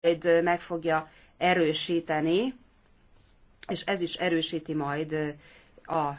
majd meg fogja erősíteni, és ez is erősíti majd a